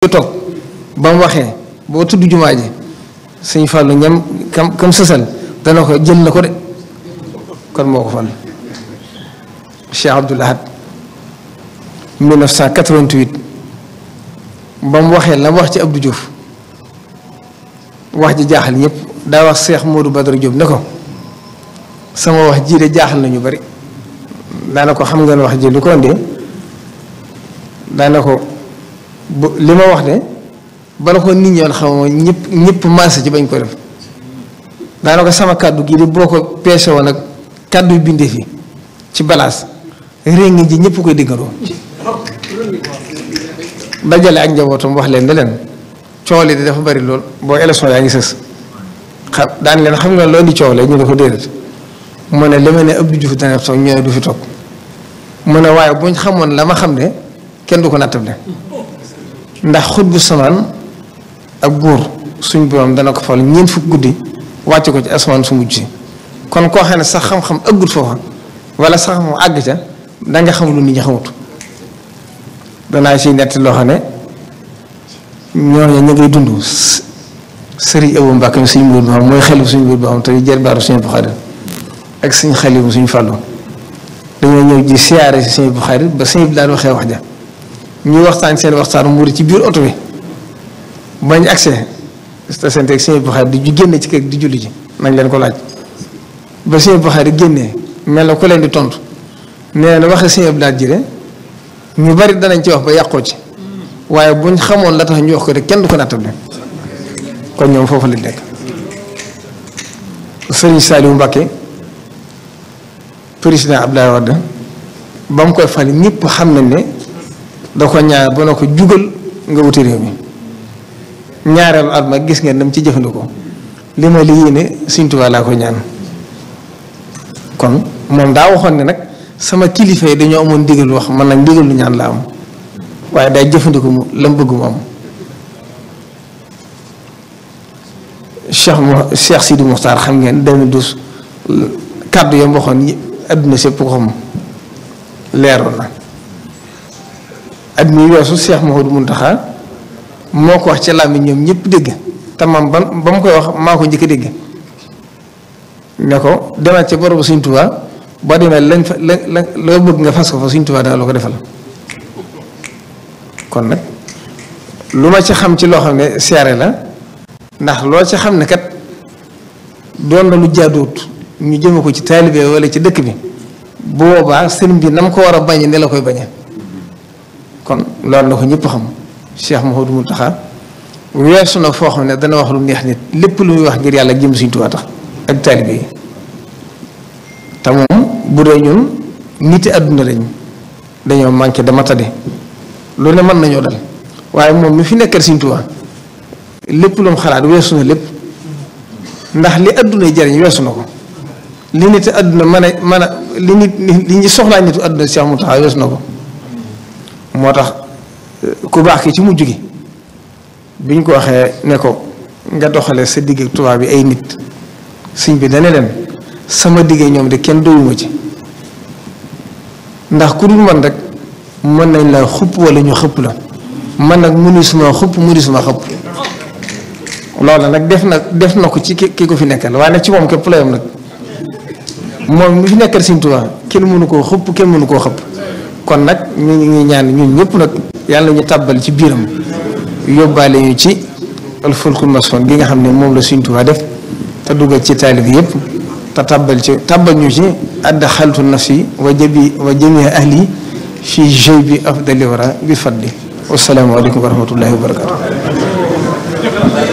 ñu ba mu waxee boo tudd jumaa ji sëñ Fallou ñam kam kam sësal dana ko jël na ko de kon moo ko fal Cheikh Abdoul Ahad 1988 ba mu waxee la mu wax ci abdu Diouf wax ji jaaxal ñëpp daa wax Cheikh Modou Badara Diop ne ko sama wax ji de jaaxal nañu bari daana ko xam nga ngeen wax ji lu ko daana ko bu li ma wax ne bala ko nit ñi xamoo ñëpp ñëpp maase ci bañ ko def daanaka sama kàddu gii de boo ko peese woon ak kàddu bindee fi ci balaas réngi ji ñëpp koy diggandoo dajale ak njabootam wax leen ne leen coow li di dafa bari lool boo élection yaa ngi sës xam daan leen xam nga loo indi coow la ñu ne ko déedéet mu ne li ma ne Abdou Diouf dana toog ñooy du fi toog mu ne waaye buñ xamoon la ma xam ne kenn du ko nattable ndax xutbu samaan ak góor suñ borom dana ko fal ñeent fukk guddi wàcce ko ci asamaan su mujj si kon koo xam ne sax xam-xam ëggut foofa wala sax xam àgg ca da nga xam lu nit ñi xamut danaa ci nett loo xam ne ñoom ña ñu ngay dund sëriñ Abu Mbàkke suñu mbuur boo xam mooy xalifu suñu mbuur boo xam te jër baaru suñu Buxaari ak suñu xalifu suñu fàllu dañoo ñëw ji siyaare si suñu Buxaari ba suñu bi daal waxee wax ja ñuy waxtaan seen waxtaan muuri ci biir oto bi bañ accès te seen teg seen Buxaari di génne ci kër di julli ji nañ leen ko laaj ba seen Buxaari génnee mel na ko leen di tontu nee na waxe seen blaat ji de ñu bari danañ ci wax ba yàqoo ci waaye buñ xamoon la tax ñu wax ko de kenn du ko nattable kon ñoom foofu lañ nekk sëriñ Saliou Mbacké président Abdoulaye Wade ba mu koy fal ñépp xam na ne da ko ñaar ba na ko jugal nga wuti mi ñaareelu at ma gis ngeen dem ci jëfandikoo li ma li yéene Sëñ laa ko ñaan kon moom daa waxoon ne nag sama kilifa yi dañoo amoon ndigal wax man nag ndigal lu ñaan la am waaye day jëfandikoo mu la mu bëgg mu am Cheikh mo Cheikh Sidi Mokhtar xam ngeen 2012 kàddu yam yi àdduna sépp ko xam leeroon na at mi weesu Cheikh mun Mountakha moo ko wax ci làmmiñ ñoom ñëpp dégg te man ba mu koy wax maa ko njëkk dégg ne ko demaat ca borobu Sëñ Tuubaa boo demee lañ fa la la loo bëgg nga fas ko fa Sëñ Tuubaa daal loo ko defal kon nag lu ma ci xam ci loo xam ne seere la ndax loo ci xam ne kat doon la lu jaaduwut ñu jëme ko ci taalibe wala ci dëkk bi boobaa sëriñ bi nam ko war a bañe ne la koy bañe kon loolu na ko ñëpp xam Cheikh Mouhamadou Mountakha weesu na foo xam ne dana wax lu neex nit lépp lu muy wax ngir yàlla jëm siñ Tuubaa tax ak taalibe yi te bu dee ñun niti àdduna lañ dañoo manqué dama tade lu ne mën nañoo dal waaye moom mi fi nekkal Sëriñ Tuubaa lépp lu mu xalaat weesu na lépp ndax li àdduna jariñ weesu na ko li nit àdduna mën a mën a li nit li ñu soxlaa nitu àdduna Cheikh Mountakha weesu na ko moo tax ku baax ki ci mujj gi biñ ko waxee ne ko nga doxale sa digg tubaab bi ay nit sëñ bi dane leen sama digg ñoom de kenn doyuma ci ndax ku dul man rek mën nañ la xupp wala ñu xëpp la man nag mënul suma xëpp mënu suma xëpp loolu nag def na def na ko ci ki ko fi nekkal waaye nag ci moom képp la yam nag moom mi fi nekkal sëñ Tuubaa mënu koo xupp kenn mënu koo xëpp kon nag ñu ngi ñaan ñun ñëpp nag yàlla ñu tàbbal ci biiram yóbbaale ñu ci alfulkul masoon gi nga xam ne moom la Sëriñ Tuubaa def te dugal ci taalib yëpp te tàbbal ci tàbbal ñu ci adda xaltu nafsi wa jabi wa jamii ahli fi jëy bi afdali wara bi fadli wasalaamu aleykum wa rahmatullahi wa